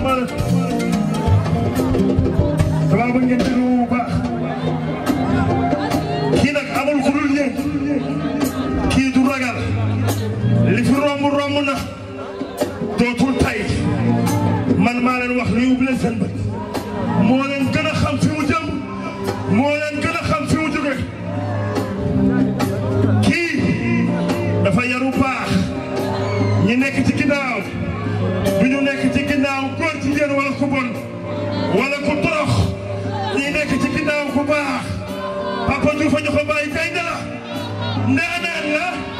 normal damaa bëgg ngeen déglu kii du ragal li fi romb romb na dootul tay man maa leen wax li ubbi leen seen moo leen gën a fi mu jëm moo leen gën a xam fi mu jóge kii dafa yaru baax ñi nekk ci ginnaaw jigéen wala ku bon wala ku torox ñi nekk ci ginnaaw ku baax Papa Diouf a ñu ko bàyyi gaynde la ndaanaan la